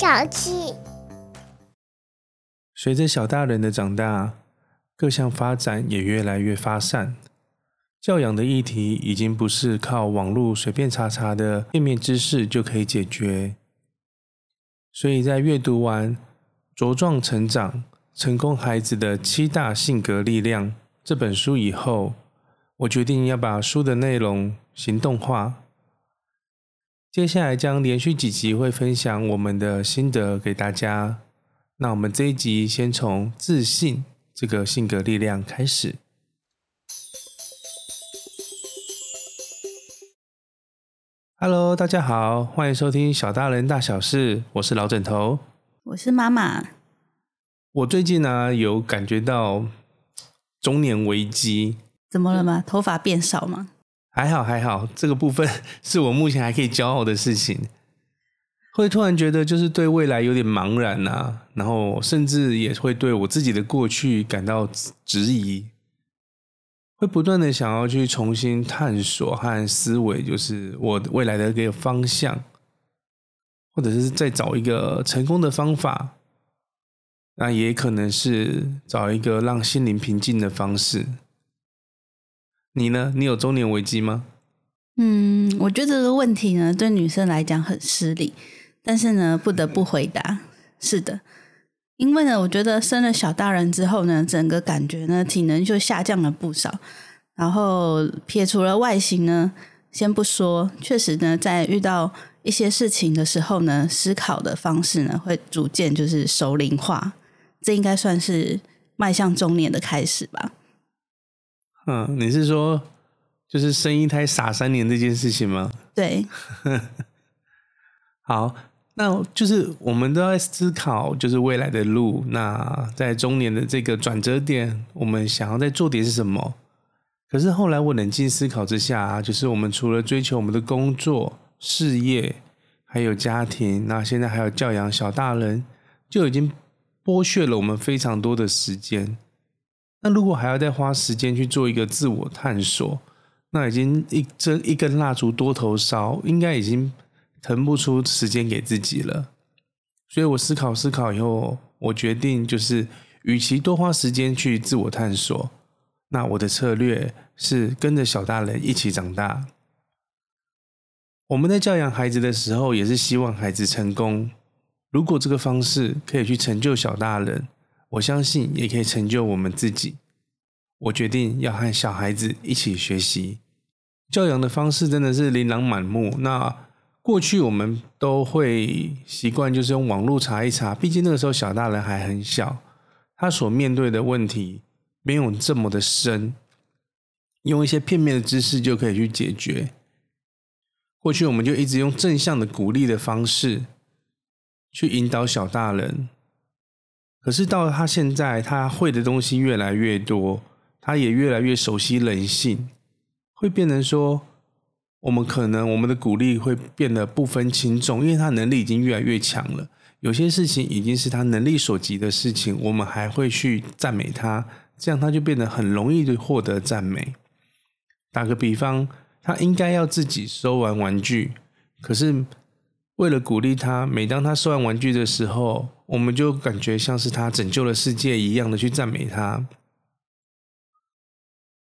小氣隨着小大人的長大，各項發展也越來越發散，教養的議題已經不是靠網絡隨便查查的片面知識，就可以解決。所以在閱讀完《茁壯成長成功孩子的七大性格力量》這本書以後，我決定要把書的內容行動化。接下來將連續幾集會分享我們的心得給大家。那我們這一集先從自信這個性格力量開始。Hello，大家好，歡迎收聽小大人大小事，我是老枕頭，我是媽媽。我最近呢，啊，有感覺到中年危機，怎麼了嗎？嗯。頭髮變少嗎？還好還好，這個部分是我目前還可以驕傲的事情。會突然覺得就是對未來有點茫然啊，然後甚至也會對我自己的過去感到質疑，會不斷的想要去重新探索和思維，就是我未來的一個方向，或者是再找一個成功的方法，那也可能是找一個讓心靈平靜的方式。你呢？你有中年危機嗎？嗯，我覺得這個問題呢，對女生來講很失禮，但是呢，不得不回答，是的。因為呢，我覺得生了小大人之後呢，整個感覺呢，體能就下降了不少。然後撇除了外形呢，先不說，確實呢，在遇到一些事情的時候呢，思考的方式呢，會逐漸就是熟齡化，這應該算是邁向中年的開始吧。嗯，你是說就是生一胎傻三年這件事情嗎？對。 好，那就是我們都在思考，就是未來的路。那在中年的這個轉折點，我們想要再做點是什麼？可是後來我冷靜思考之下啊，就是我們除了追求我們的工作、事業，還有家庭，那現在還有教養小大人，就已經剝削了我們非常多的時間。那如果還要再花時間去做一個自我探索，那已經一這一根蠟燭多頭燒，應該已經騰不出時間給自己了。所以我思考思考以後，我決定就是，與其多花時間去自我探索，那我的策略是跟着小大人一起長大。我們在教養孩子的時候，也是希望孩子成功。如果這個方式可以去成就小大人。我相信也可以成就我們自己。我決定要和小孩子一起學習。教養的方式真的是琳琅滿目。那過去我們都會習慣，就是用網絡查一查，畢竟那個時候小大人還很小，他所面對的問題沒有這麼的深，用一些片面的知識就可以去解決。過去我們就一直用正向的鼓勵的方式去引導小大人。可是到了他現在，他會的東西越來越多，他也越來越熟悉人性，會變成說，我們可能我們的鼓勵會變得不分輕重，因為他能力已經越來越強了。有些事情已經是他能力所及的事情，我們還會去讚美他，這樣他就變得很容易獲得讚美。打個比方，他應該要自己收完玩具，可是為了鼓勵他，每當他收完玩具的時候，我們就感覺像是他拯救了世界一樣的去讚美他。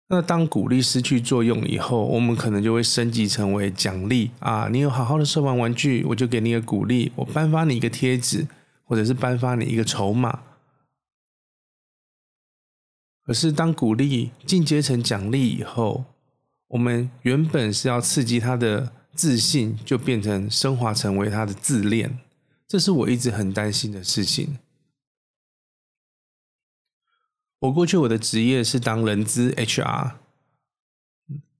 那當鼓勵失去作用以後，我們可能就會升級成為獎勵。啊，你有好好的收完玩具，我就給你一個鼓勵，我頒發你一個貼紙，或者是頒發你一個籌碼。可是當鼓勵進階成獎勵以後，我們原本是要刺激他的自信，就變成升華成為他的自戀。這是我一直很擔心的事情。我過去我的職業是當人資 HR，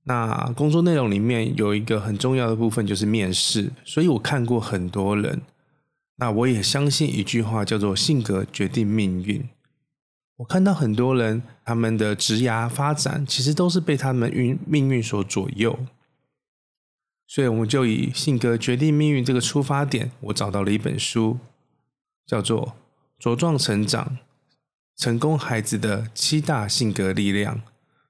那工作內容裡面有一個很重要的部分就是面試，所以我看過很多人。那我也相信一句話叫做“性格決定命運”。我看到很多人他們的職涯發展其實都是被他們運命運所左右。所以，我們就以性格決定命運這個出發點，我找到了一本書，叫做《茁壯成長：成功孩子的七大性格力量》。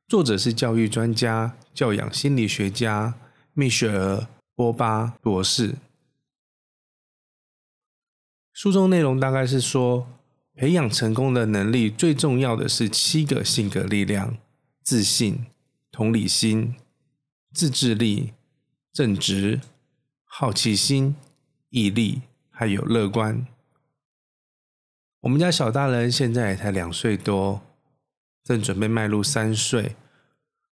作者是教育專家、教養心理學家蜜雪兒·波巴博士。書中內容大概是說，培養成功的能力最重要的是七個性格力量：自信、同理心、自制力。正直、好奇心、毅力，還有樂觀。我們家小大人現在也才兩歲多，正準備邁入三歲，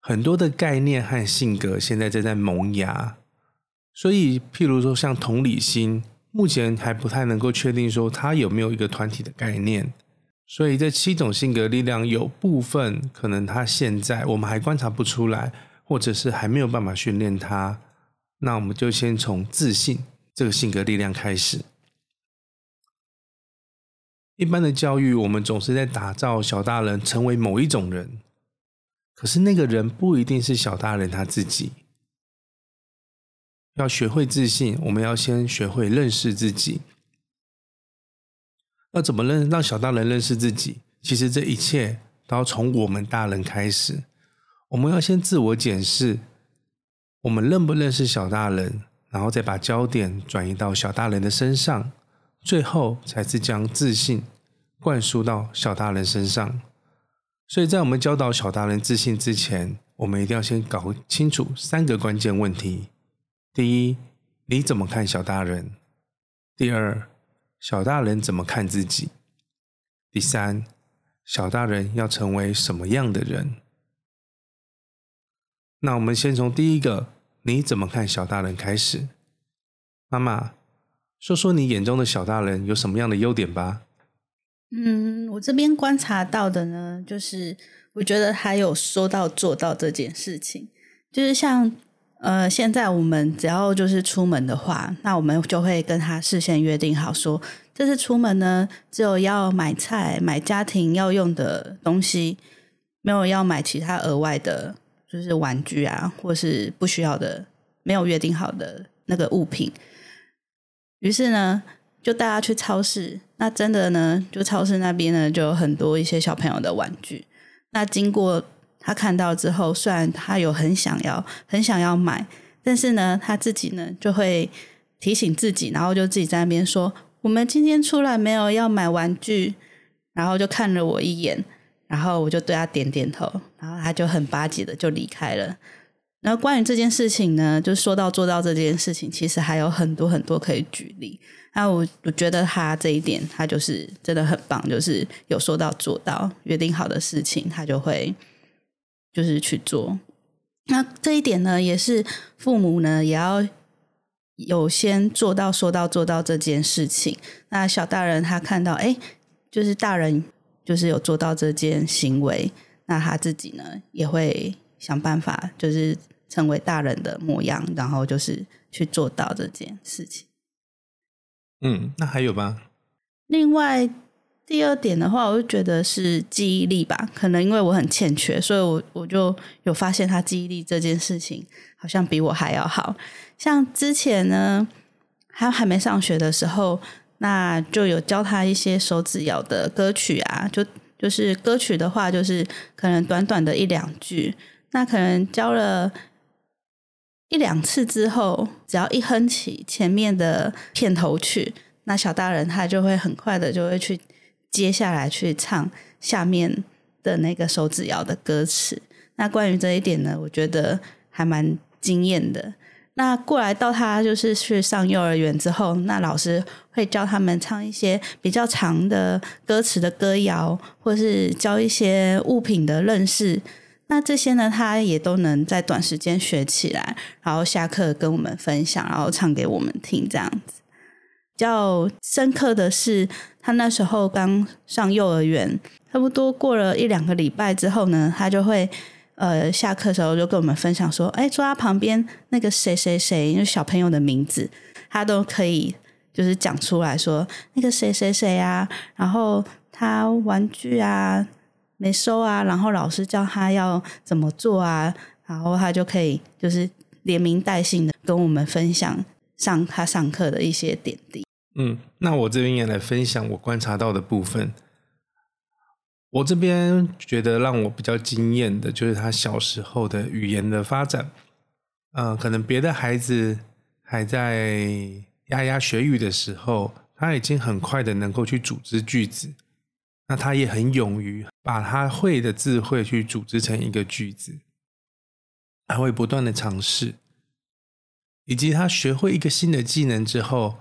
很多的概念和性格現在正在萌芽。所以，譬如說像同理心，目前還不太能夠確定說他有沒有一個團體的概念。所以，這七種性格力量有部分可能他現在我們還觀察不出來，或者是還沒有辦法訓練他。那我們就先從自信這個性格力量開始。一般的教育，我們總是在打造小大人成為某一種人，可是那個人不一定是小大人他自己。要學會自信，我們要先學會認識自己。要怎麼認，讓小大人認識自己？其實這一切都要從我們大人開始。我們要先自我檢視。我們認不認識小大人，然後再把焦點轉移到小大人的身上，最後才是將自信灌輸到小大人身上。所以在我們教導小大人自信之前，我們一定要先搞清楚三個關鍵問題。第一，你怎麼看小大人？第二，小大人怎麼看自己？第三，小大人要成為什麼樣的人？那我們先從第一個，你怎麼看小大人開始。媽媽，說說你眼中的小大人有什麼樣的優點吧。嗯，我這邊觀察到的呢，就是我覺得他有說到做到這件事情，就是像呃，現在我們只要就是出門的話，那我們就會跟他事先約定好說，說這次出門呢，只有要買菜、買家庭要用的東西，沒有要買其他額外的。就是玩具啊，或是不需要的、沒有約定好的那個物品。於是呢，就帶他去超市。那真的呢，就超市那邊呢，就有很多一些小朋友的玩具。那經過他看到之後，雖然他有很想要、很想要買，但是呢，他自己呢，就會提醒自己，然後就自己在那邊說：“我們今天出來沒有要買玩具。”然後就看了我一眼。然後我就對他點點頭，然後他就很巴結的就離開了。然後關於這件事情呢，就是說到做到這件事情，其實還有很多很多可以舉例。那我我覺得他這一點，他就是真的很棒，就是有說到做到，約定好的事情他就會就是去做。那這一點呢，也是父母呢也要有先做到說到做到這件事情。那小大人他看到，誒，就是大人。就是有做到這件行為，那他自己呢也會想辦法，就是成為大人的模樣，然後就是去做到這件事情。嗯，那還有吧？另外第二點的話，我就覺得是記憶力吧，可能因為我很欠缺，所以我我就有發現他記憶力這件事情好像比我還要好。像之前呢，他還沒上學的時候。那就有教他一些手指謠的歌曲啊，就就是歌曲的話，就是可能短短的一兩句。那可能教了一兩次之後，只要一哼起前面的片頭曲，那小大人他就會很快的就會去接下來去唱下面的那個手指謠的歌詞。那關於這一點呢，我覺得還蠻驚艷的。那過來到他就是去上幼兒園之後，那老師會教他們唱一些比較長的歌詞的歌謠，或是教一些物品的認識。那這些呢，他也都能在短時間學起來，然後下課跟我們分享，然後唱給我們聽，這樣子。比較深刻的是，他那時候剛上幼兒園，差不多過了一兩個禮拜之後呢，他就會。呃，下課的時候就跟我們分享說，哎、欸，坐在旁邊那個誰誰誰，因為小朋友的名字，他都可以就是講出來說那個誰誰誰啊，然後他玩具啊沒收啊，然後老師教他要怎麼做啊，然後他就可以就是連名帶姓的跟我們分享上他上課的一些點滴。嗯，那我這邊也來分享我觀察到的部分。我這邊覺得讓我比較驚艷的就是他小時候的語言的發展。呃，嗯，可能別的孩子還在牙牙學語的時候，他已經很快的能夠去組織句子。那他也很勇於把他會的字彙去組織成一個句子，還會不斷的嘗試，以及他學會一個新的技能之後，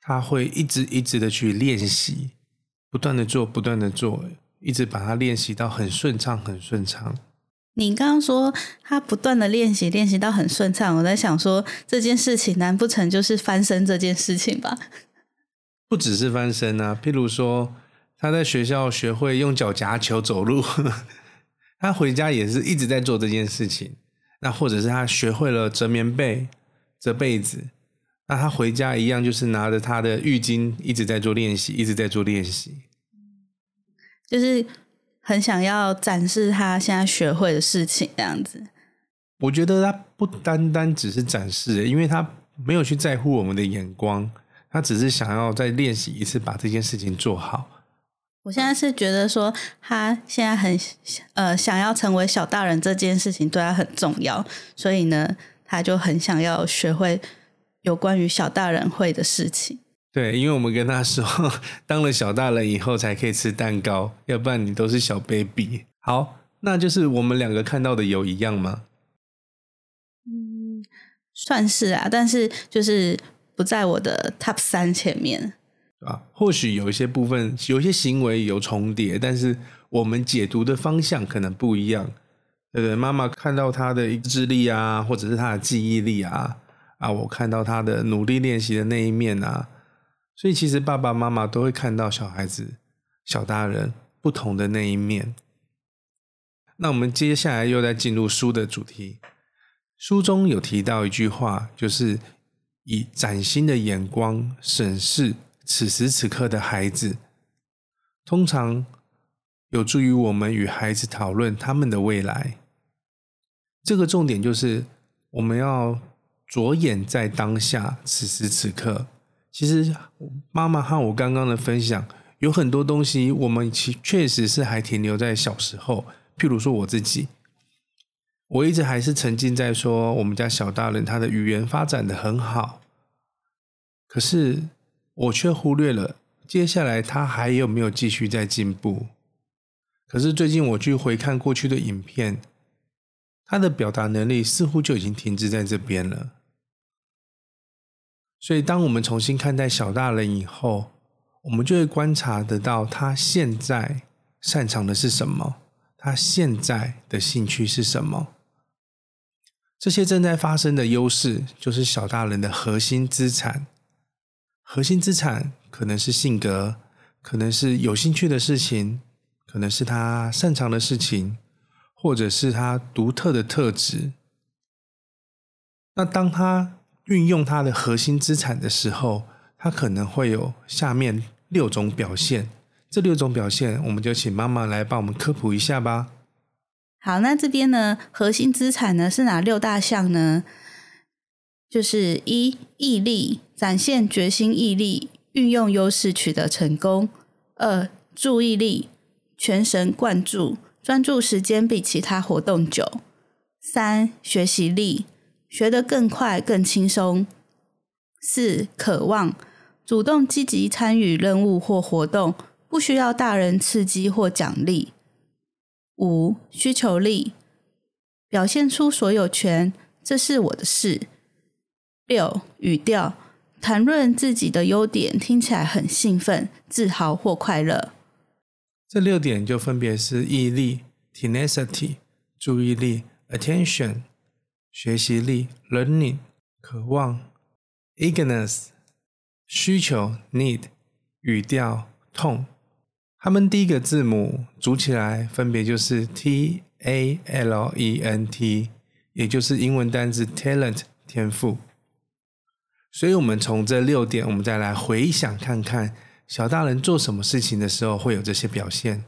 他會一直一直的去練習，不斷的做，不斷的做。一直把他練習到很順暢，很順暢。你剛剛說他不斷的練習，練習到很順暢，我在想說這件事情，難不成就是翻身這件事情吧？不只是翻身啊，譬如說他在學校學會用腳夾球走路， 他回家也是一直在做這件事情。那或者是他學會了折棉被、折被子，那他回家一樣就是拿着他的浴巾一直在做練習，一直在做練習。就是很想要展示他現在學會的事情，這樣子。我覺得他不單單只是展示，因為他沒有去在乎我們的眼光，他只是想要再練習一次把這件事情做好。我現在是覺得說，他現在很呃想要成為小大人這件事情對他很重要，所以呢，他就很想要學會有關於小大人會的事情。對，因為我們跟他說，當了小大人以後才可以吃蛋糕，要不然你都是小 baby。好，那就是我們兩個看到的有一樣嗎？嗯，算是啊，但是就是不在我的 top 三前面啊。或許有一些部分，有一些行為有重疊，但是我們解讀的方向可能不一樣。對對，媽媽看到他的意志力啊，或者是他的記憶力啊，啊，我看到他的努力練習的那一面啊。所以，其實爸爸媽媽都會看到小孩子、小大人不同的那一面。那我們接下來又再進入書的主題，書中有提到一句話，就是以嶄新的眼光審視此時此刻的孩子，通常有助於我們與孩子討論他們的未來。這個重點就是我們要着眼在當下，此時此刻。其實，媽媽和我剛剛的分享有很多東西，我們其確實是還停留在小時候。譬如說我自己，我一直還是沉浸在說我們家小大人他的語言發展的很好，可是我卻忽略了接下來他還有沒有繼續在進步。可是最近我去回看過去的影片，他的表達能力似乎就已經停滯在這邊了。所以，當我們重新看待小大人以後，我們就會觀察得到他現在擅長的是什麼，他現在的興趣是什麼。這些正在發生的優勢，就是小大人的核心資產。核心資產可能是性格，可能是有興趣的事情，可能是他擅長的事情，或者是他獨特的特質。那當他，運用它的核心資產的時候，它可能會有下面六種表現。這六種表現，我們就請媽媽來幫我們科普一下吧。好，那這邊呢，核心資產呢是哪六大項呢？就是一、毅力，展現決心毅力，運用優勢取得成功；二、注意力，全神貫注，專注時間比其他活動久；三、學習力。學得更快、更輕鬆。四、渴望主動積極參與任務或活動，不需要大人刺激或獎勵。五、需求力表現出所有權，這是我的事。六、語調談論自己的優點，聽起來很興奮、自豪或快樂。這六點就分別是毅力 （tenacity）、tenacity, 注意力 （attention）。學習力 （learning）、渴望 （eagerness）、需求 （need）、語調痛。他們第一個字母組起來，分別就是 T A L E N T，也就是英文單字 talent（ 天賦）。所以，我們從這六點，我們再來回想看看，小大人做什麼事情的時候會有這些表現。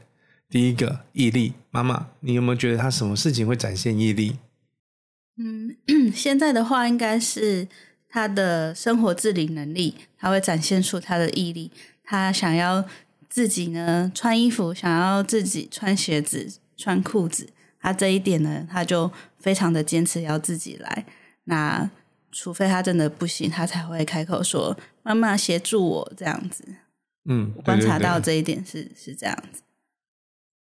第一個，毅力。媽媽，你有沒有覺得他什麼事情會展現毅力？嗯，現在的話，應該是他的生活自理能力，他會展現出他的毅力。他想要自己呢，穿衣服，想要自己穿鞋子、穿褲子。他這一點呢，他就非常的堅持要自己來。那除非他真的不行，他才會開口說：“媽媽協助我。”這樣子。嗯，對對對，我觀察到這一點是是這樣子。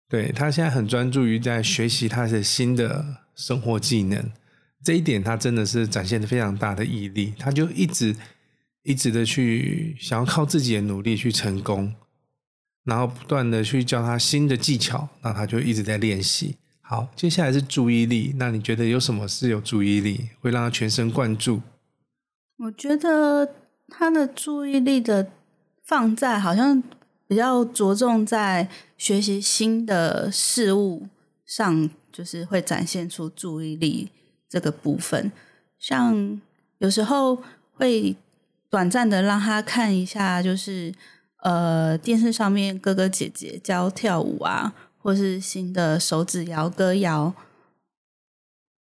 對，他現在很專注於在學習他的新的生活技能。這一點，他真的是展現的非常大的毅力，他就一直一直的去想要靠自己的努力去成功，然後不斷的去教他新的技巧，那他就一直在練習。好，接下來是注意力，那你覺得有什麼是有注意力會讓他全神貫注？我覺得他的注意力的放在好像比較着重在學習新的事物上，就是會展現出注意力。這個部分，像有時候會短暫的讓他看一下，就是呃電視上面哥哥姐姐教跳舞啊，或是新的手指謠歌謠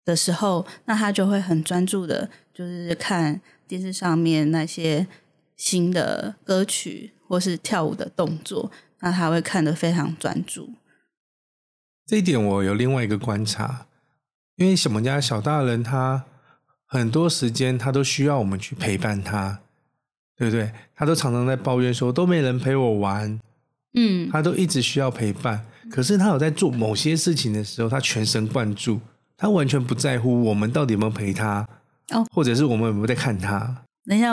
的時候，那他就會很專注的，就是看電視上面那些新的歌曲或是跳舞的動作，那他會看得非常專注。這一點我有另外一個觀察。因為小我們家小大人他很多時間他都需要我們去陪伴他，對不對？他都常常在抱怨說，都沒人陪我玩，嗯，他都一直需要陪伴。可是他有在做某些事情的時候，他全神貫注，他完全不在乎我們到底有沒有陪他，哦、或者是我們有沒有在看他。等一下，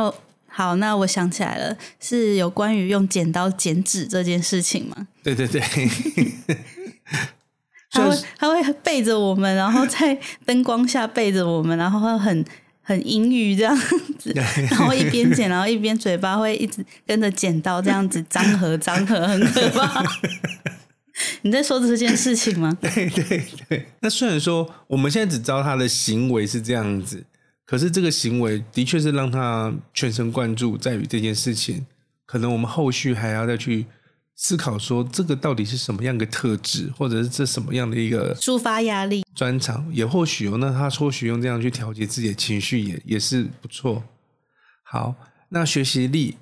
好，那我想起來了，是有關於用剪刀剪紙這件事情嗎？對對對。 他會，他會背着我們，然後在燈光下背着我們，然後很很陰鬱這樣子，然後一邊剪，然後一邊嘴巴會一直跟着剪刀這樣子張合張合，很可怕。你在說這件事情嗎？對對對。那雖然說我們現在只知道他的行為是這樣子，可是這個行為的確是讓他全神貫注在於這件事情，可能我們後續還要再去。思考說這個到底是什麼樣的特質，或者是這什麼樣的一個抒發壓力專長，也或許有、哦，那他或許用這樣去調節自己的情緒也，也也是不錯。好，那學習力，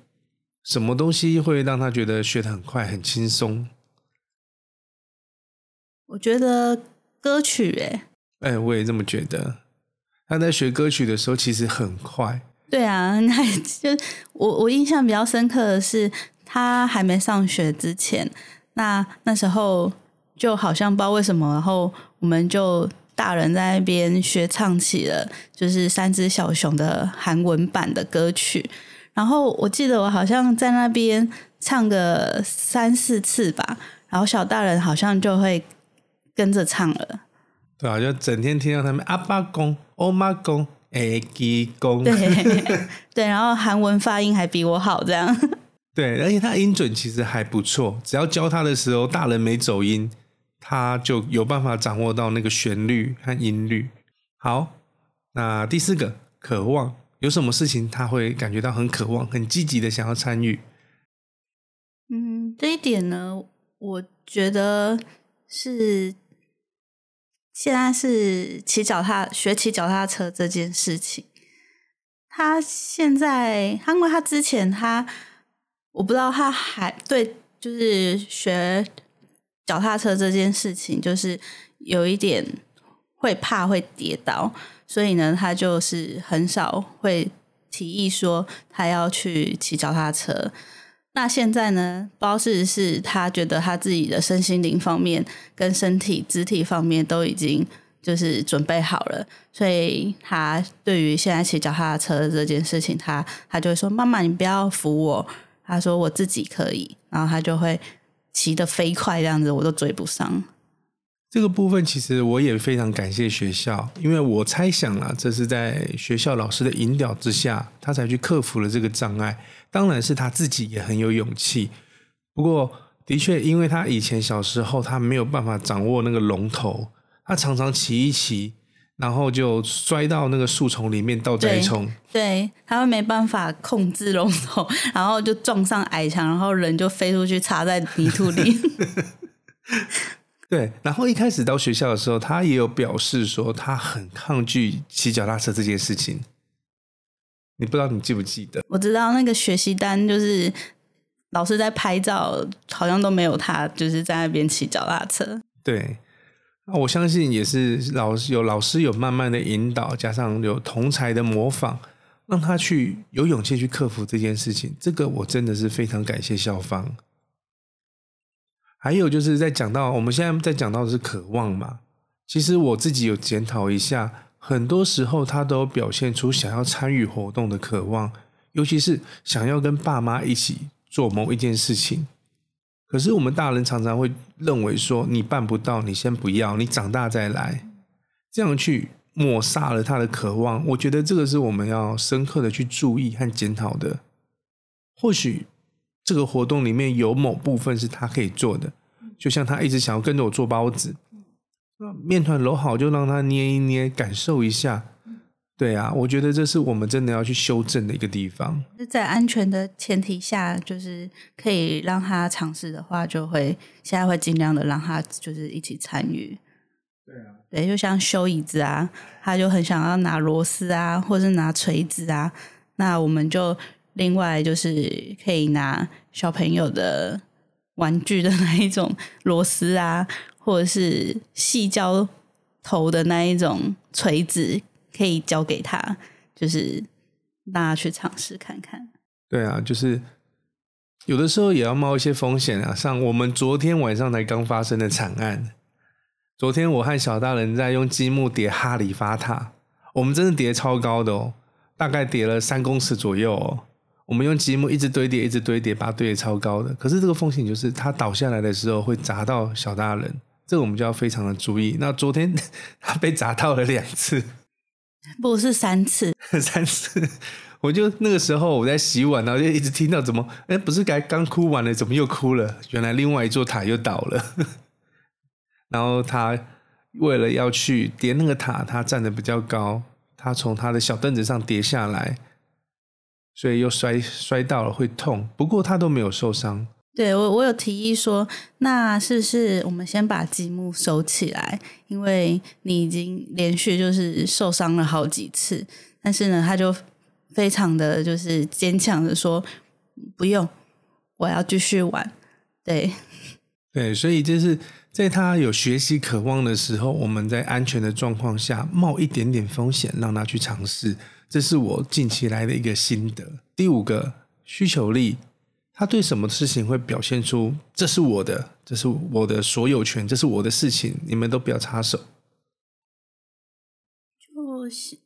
什麼東西會讓他覺得學得很快、很輕鬆？我覺得歌曲，哎哎，我也這麼覺得。他在學歌曲的時候其實很快。對啊，那就我我印象比較深刻的是。他還沒上學之前，那那時候就好像不知道為什麼，然後我們就大人在那邊學唱起了就是三隻小熊的韓文版的歌曲，然後我記得我好像在那邊唱個三四次吧，然後小大人好像就會跟着唱了。對啊，就整天聽到他們阿爸公、歐媽公、誒雞公。對對，然後韓文發音還比我好，這樣。對，而且他音準其實還不錯。只要教他的時候，大人沒走音，他就有辦法掌握到那個旋律和音律。好，那第四個，渴望，有什麼事情他會感覺到很渴望，很積極的想要參與？嗯，這一點呢，我覺得是現在是騎腳踏學騎腳踏車這件事情。他現在，因為他之前他。我不知道他還對就是學腳踏車這件事情，就是有一點會怕會跌倒，所以呢，他就是很少會提議說他要去騎腳踏車。那現在呢，包括是，是他覺得他自己的身心靈方面跟身體肢體方面都已經就是準備好了，所以他對於現在騎腳踏車這件事情，他他就會說：“媽媽，你不要扶我。”他說我自己可以，然後他就會騎得飛快，這樣子我都追不上。這個部分其實我也非常感謝學校，因為我猜想了這是在學校老師的引導之下，他才去克服了這個障礙。當然是他自己也很有勇氣，不過的確，因為他以前小時候他沒有辦法掌握那個龍頭，他常常騎一騎。然後就摔到那個樹叢裡面倒栽蔥，對，他會沒辦法控制龍頭，然後就撞上矮牆，然後人就飛出去插在泥土裡。 對，然後一開始到學校的時候，他也有表示說他很抗拒騎腳踏車這件事情。你不知道你記不記得？我知道那個學習單就是老師在拍照，好像都沒有他，就是站在那邊騎腳踏車。對。那我相信也是老師有老師有慢慢的引導，加上有同儕的模仿，讓他去有勇氣去克服這件事情。這個我真的是非常感謝校方。還有就是在講到我們現在在講到的是渴望嘛，其實我自己有檢討一下，很多時候他都表現出想要參與活動的渴望，尤其是想要跟爸媽一起做某一件事情。可是我們大人常常會認為說你辦不到，你先不要，你長大再來，這樣去抹殺了他的渴望。我覺得這個是我們要深刻的去注意和檢討的。或許這個活動裡面有某部分是他可以做的，就像他一直想要跟着我做包子，那麵團揉好就讓他捏一捏，感受一下。對啊，我覺得這是我們真的要去修正的一個地方。在安全的前提下，就是可以讓他嘗試的話，就會現在會盡量的讓他就是一起參與。對啊，對，就像修椅子啊，他就很想要拿螺絲啊，或是拿錘子啊，那我們就另外就是可以拿小朋友的玩具的那一種螺絲啊，或者是矽膠頭的那一種錘子。可以交給他，就是大家去嘗試看看。對啊，就是有的時候也要冒一些風險啊。像我們昨天晚上才剛發生的慘案，昨天我和小大人在用積木疊哈利法塔，我們真的疊得超高的哦，大概疊了三公尺左右哦。我們用積木一直堆疊，一直堆疊，把它堆得超高的。可是這個風險就是，它倒下來的時候會砸到小大人，這個我們就要非常的注意。那昨天他被砸到了兩次。不是三次， 三次。我就那個時候我在洗碗，然後就一直聽到怎麼，哎、欸，不是該剛哭完了，怎麼又哭了？原來另外一座塔又倒了。 然後他為了要去疊那個塔，他站得比較高，他從他的小凳子上跌下來，所以又摔摔到了，會痛。不過他都沒有受傷。對，我我有提議說，那是不是我們先把積木收起來？因為你已經連續就是受傷了好幾次，但是呢，他就非常的就是堅強的說，不用，我要繼續玩。對，對，所以就是在他有學習渴望的時候，我們在安全的狀況下冒一點點風險讓他去嘗試，這是我近期來的一個心得。第五個，需求力。他對什麼事情會表現出這是我的，這是我的所有權，這是我的事情，你們都不要插手。就是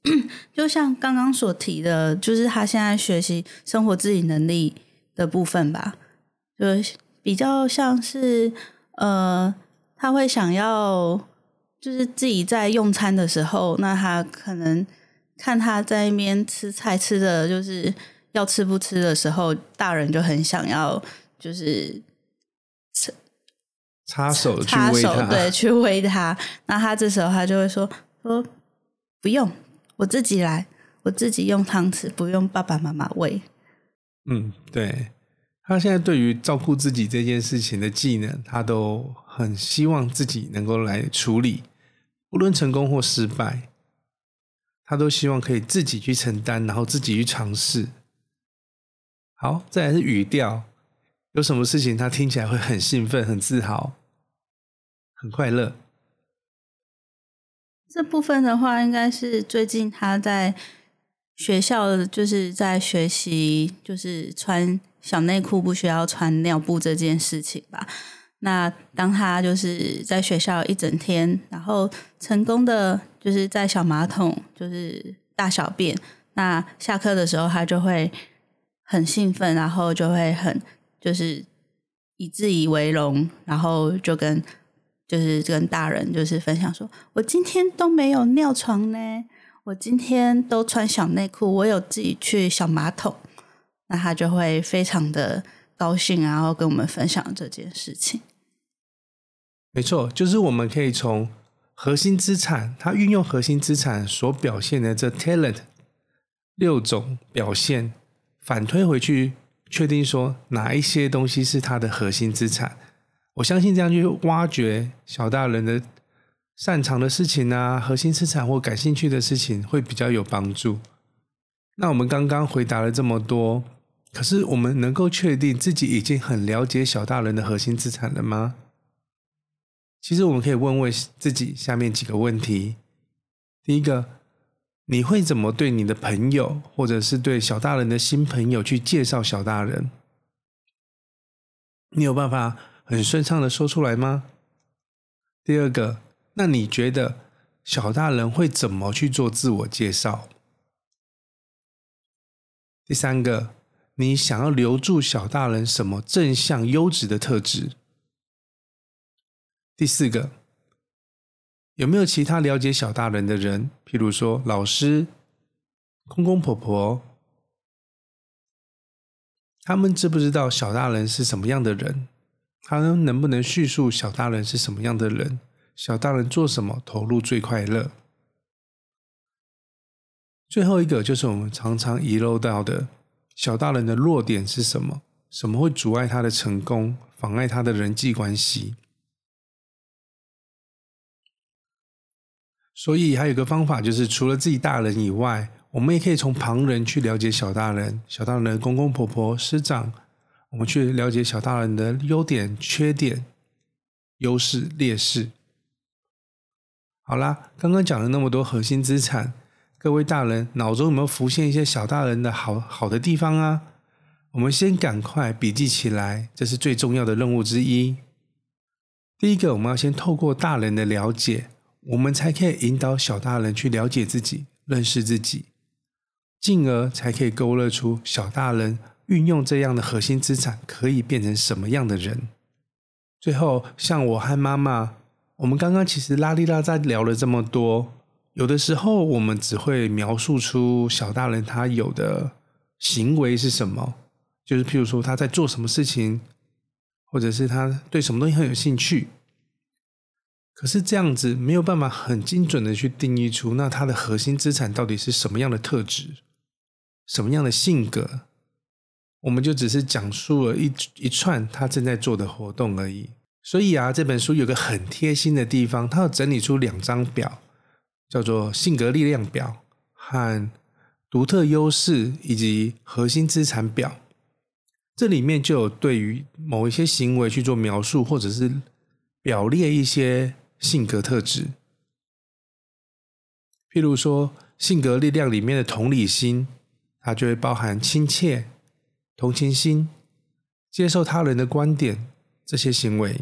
就像剛剛所提的，就是他現在學習生活自理能力的部分吧，就是比較像是呃，他會想要就是自己在用餐的時候，那他可能看他在一邊吃菜吃的就是。要吃不吃的時候，大人就很想要，就是插手去餵他，插手，對，去餵他。那他這時候他就會說：“說不用，我自己來，我自己用湯匙，不用爸爸媽媽餵。”嗯，對。他現在對於照顧自己這件事情的技能，他都很希望自己能夠來處理，無論成功或失敗，他都希望可以自己去承擔，然後自己去嘗試。好，再來是語調，有什麼事情他聽起來會很興奮、很自豪、很快樂。這部分的話，應該是最近他在學校，就是在學習，就是穿小內褲不需要穿尿布這件事情吧。那當他就是在學校一整天，然後成功的就是在小馬桶就是大小便，那下課的時候他就會。很興奮，然後就會很就是以自以為榮，然後就跟就是跟大人就是分享說：“我今天都沒有尿床呢，我今天都穿小內褲，我有自己去小馬桶。”那他就會非常的高興，然後跟我們分享這件事情。沒錯，就是我們可以從核心資產，他運用核心資產所表現的這 talent 六種表現。反推回去，確定說哪一些東西是他的核心資產。我相信這樣去挖掘小大人的擅長的事情啊，核心資產或感興趣的事情，會比較有幫助。那我們剛剛回答了這麼多，可是我們能夠確定自己已經很了解小大人的核心資產了嗎？其實我們可以問問自己下面幾個問題。第一個。你會怎麼對你的朋友，或者是對小大人的新朋友去介紹小大人？你有辦法很順暢的說出來嗎？第二個，那你覺得小大人會怎麼去做自我介紹？第三個，你想要留住小大人什麼正向優質的特質？第四個，有沒有其他了解小大人的人？譬如說老師、公公婆婆，他們知不知道小大人是什麼樣的人？他們能不能敘述小大人是什麼樣的人？小大人做什麼投入最快樂？最後一個就是我們常常遺漏到的，小大人的弱點是什麼？什麼會阻礙他的成功，妨礙他的人際關係？所以還有個方法，就是除了自己大人以外，我們也可以從旁人去了解小大人。小大人的公公婆婆、師長，我們去了解小大人的優點、缺點、優勢、劣勢。好啦，剛剛講了那麼多核心資產，各位大人，腦中有沒有浮現一些小大人的好好的地方啊？我們先趕快筆記起來，這是最重要的任務之一。第一個，我們要先透過大人的了解。我們才可以引導小大人去了解自己，認識自己，進而才可以勾勒出小大人運用這樣的核心資產可以變成什麼樣的人。最後，像我和媽媽，我們剛剛其實拉哩拉雜聊了這麼多，有的時候我們只會描述出小大人他有的行為是什麼，就是譬如說他在做什麼事情，或者是他對什麼東西很有興趣。可是這樣子沒有辦法很精準的去定義出那它的核心資產到底是什麼樣的特質，什麼樣的性格，我們就只是講述了一一串他正在做的活動而已。所以啊，這本書有個很貼心的地方，它要整理出兩張表，叫做性格力量表和獨特優勢以及核心資產表。這裡面就有對於某一些行為去做描述，或者是表列一些。性格特質，譬如說，性格力量裡面的同理心，它就會包含親切、同情心、接受他人的觀點這些行為；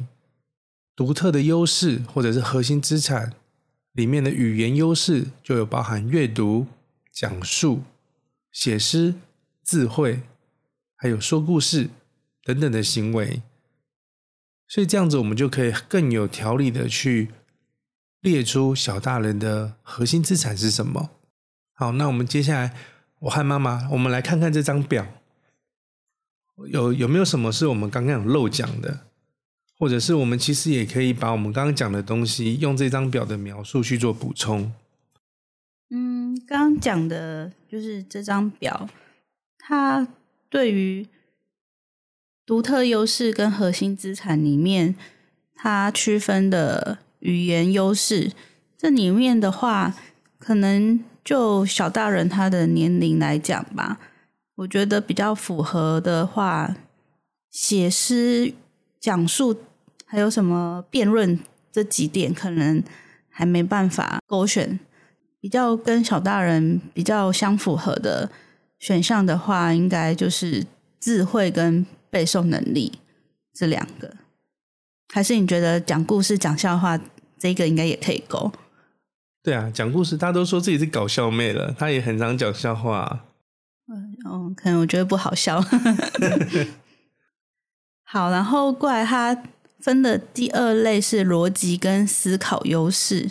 獨特的優勢或者是核心資產裡面的語言優勢，就有包含閱讀、講述、寫詩、智慧，還有說故事等等的行為。所以這樣子，我們就可以更有條理的去列出小大人的核心資產是什麼。好，那我們接下來，我和媽媽，我們來看看這張表有，有有沒有什麼是我們剛剛有漏講的，或者是我們其實也可以把我們剛剛講的東西，用這張表的描述去做補充。嗯，剛剛講的就是這張表，它對於。獨特優勢跟核心資產裡面，它區分的語言優勢，這裡面的話，可能就小大人他的年齡來講吧，我覺得比較符合的話，寫詩、講述，還有什麼辯論這幾點，可能還沒辦法勾選。比較跟小大人比較相符合的選項的話，應該就是智慧跟，背誦能力這兩個，還是你覺得講故事講笑話這個應該也可以勾？對啊，講故事，大家都說自己是搞笑妹了，他也很常講笑話、啊。嗯、哦，可能我覺得不好笑。 好，然後過來他分的第二類是邏輯跟思考優勢，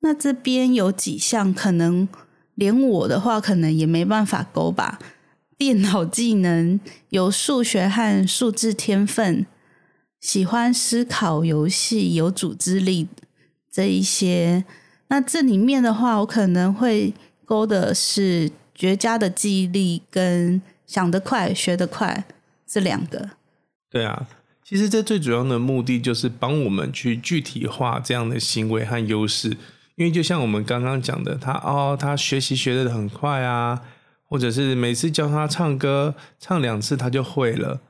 那這邊有幾項，可能連我的話，可能也沒辦法勾吧。電腦技能、有數學和數字天分、喜歡思考遊戲、有組織力這一些。那這裡面的話，我可能會勾的是絕佳的記憶力跟想得快、學得快這兩個。對啊，其實這最主要的目的就是幫我們去具體化這樣的行為和優勢，因為就像我們剛剛講的，他哦，他學習學得很快啊。或者是每次教他唱歌，唱兩次他就會了。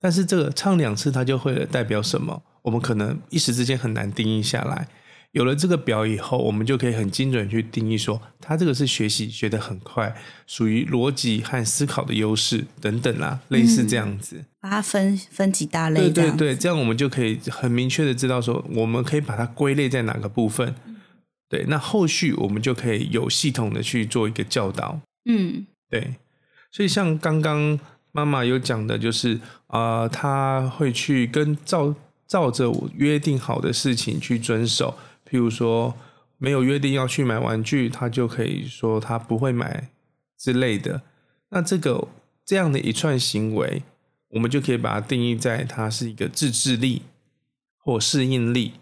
但是這個唱兩次他就會了，代表什麼？我們可能一時之間很難定義下來。有了這個表以後，我們就可以很精準去定義說，他這個是學習學得很快，屬於邏輯和思考的優勢等等啦，類似這樣子。嗯，把它分分幾大類，對對對，這樣我們就可以很明確的知道說，我們可以把它歸類在哪個部分。對，那後續我們就可以有系統的去做一個教導。嗯。對，所以像剛剛媽媽有講的，就是啊，他、呃、會去跟照照着我約定好的事情去遵守，譬如說沒有約定要去買玩具，他就可以說他不會買之類的。那這個這樣的一串行為，我們就可以把它定義在它是一個自制力或適應力，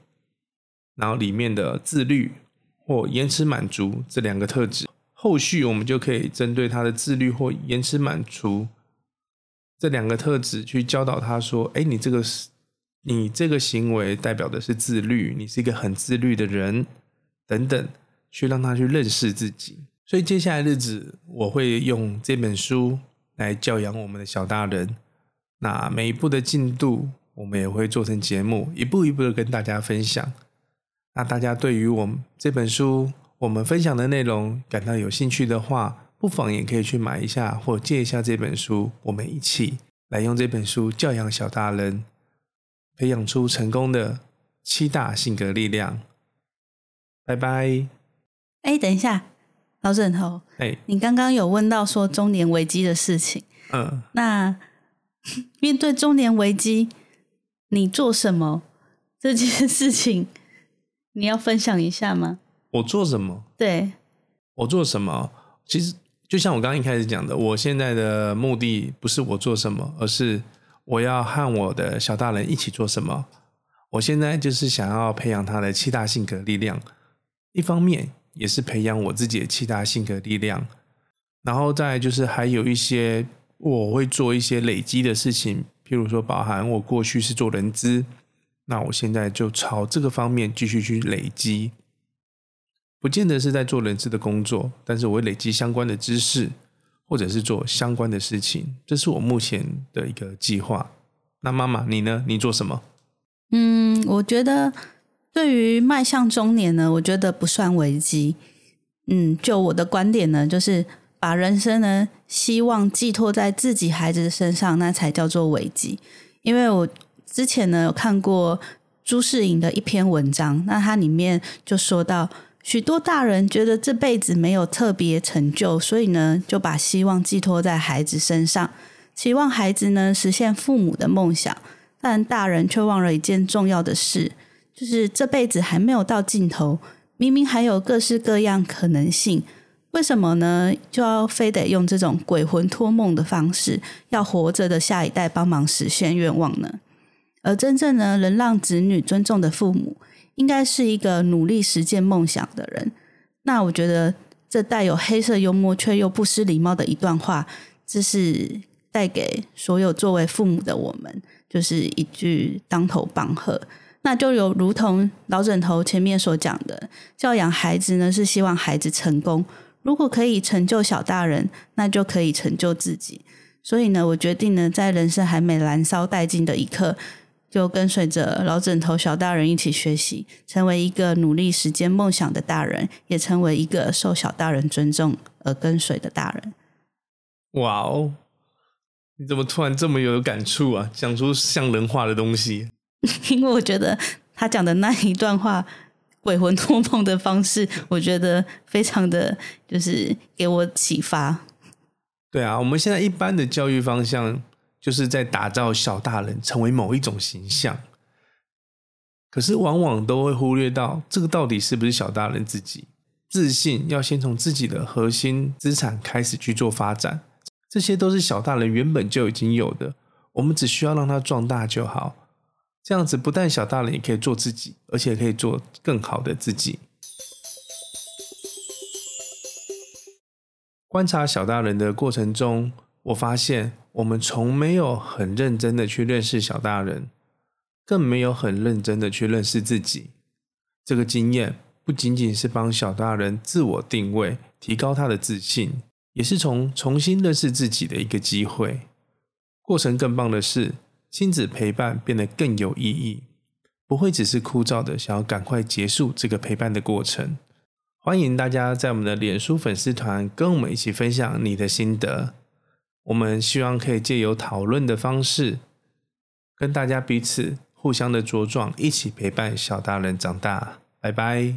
然後裡面的自律或延遲滿足這兩個特質。後續我們就可以針對他的自律或延遲滿足這兩個特質去教導他說，欸，你這個是，你這個行為代表的是自律，你是一個很自律的人，等等，去讓他去認識自己。所以接下來日子我會用這本書來教養我們的小大人。那每一步的進度，我們也會做成節目，一步一步的跟大家分享。那大家對於我們這本書，我們分享的內容感到有興趣的話，不妨也可以去買一下或借一下這本書。我們一起來用這本書教養小大人，培養出成功的七大性格力量。拜拜。哎，等一下，老枕頭，哎誒，你剛剛有問到說中年危機的事情，嗯，那面對中年危機，你做什麼？這件事情，你要分享一下嗎？我做什麼？對，我做什麼？其實就像我剛剛一開始講的，我現在的目的不是我做什麼，而是我要和我的小大人一起做什麼。我現在就是想要培養他的七大性格力量，一方面也是培養我自己的七大性格力量，然後再來就是還有一些我會做一些累積的事情，譬如說包含我過去是做人資，那我現在就朝這個方面繼續去累積。不見得是在做人事的工作，但是我會累積相關的知識，或者是做相關的事情，這是我目前的一個計劃。那媽媽，你呢？你做什麼？嗯，我覺得對於邁向中年呢，我覺得不算危機。嗯，就我的觀點呢，就是把人生呢希望寄托在自己孩子的身上，那才叫做危機。因為我之前呢有看過朱世瑩的一篇文章，那它裡面就說到，許多大人覺得這輩子沒有特別成就，所以呢就把希望寄托在孩子身上，期望孩子呢實現父母的夢想，但大人卻忘了一件重要的事，就是這輩子還沒有到盡頭，明明還有各式各樣可能性，為什麼呢？就要非得用這種鬼魂托夢的方式，要活着的下一代幫忙實現願望呢？而真正呢能讓子女尊重的父母。應該是一個努力實踐夢想的人。那我覺得這帶有黑色幽默卻又不失禮貌的一段話，這是帶給所有作為父母的我們，就是一句當頭棒喝。那就有如同老枕頭前面所講的，教養孩子呢，是希望孩子成功。如果可以成就小大人，那就可以成就自己。所以呢，我決定呢，在人生還沒燃燒殆盡的一刻，就跟隨着老枕頭小大人一起學習，成為一個努力實踐夢想的大人，也成為一個受小大人尊重而跟隨的大人。哇哦！你怎麼突然這麼有感觸啊？講出像人話的東西。因為 我覺得他講的那一段話，鬼魂託夢的方式，我覺得非常的，就是給我啟發。對啊，我們現在一般的教育方向。就是在打造小大人成為某一種形象，可是往往都會忽略到這個到底是不是小大人自己。自信要先從自己的核心資產開始去做發展，這些都是小大人原本就已經有的，我們只需要讓它壯大就好。這樣子不但小大人也可以做自己，而且可以做更好的自己。觀察小大人的過程中，我發現我們從沒有很認真的去認識小大人，更沒有很認真的去認識自己。這個經驗不僅僅是幫小大人自我定位，提高他的自信，也是從重新認識自己的一個機會。過程更棒的是，親子陪伴變得更有意義，不會只是枯燥的，想要趕快結束這個陪伴的過程。歡迎大家在我們的臉書粉絲團跟我們一起分享你的心得。我們希望可以借由討論的方式，跟大家彼此互相的茁壯，一起陪伴小大人長大。拜拜。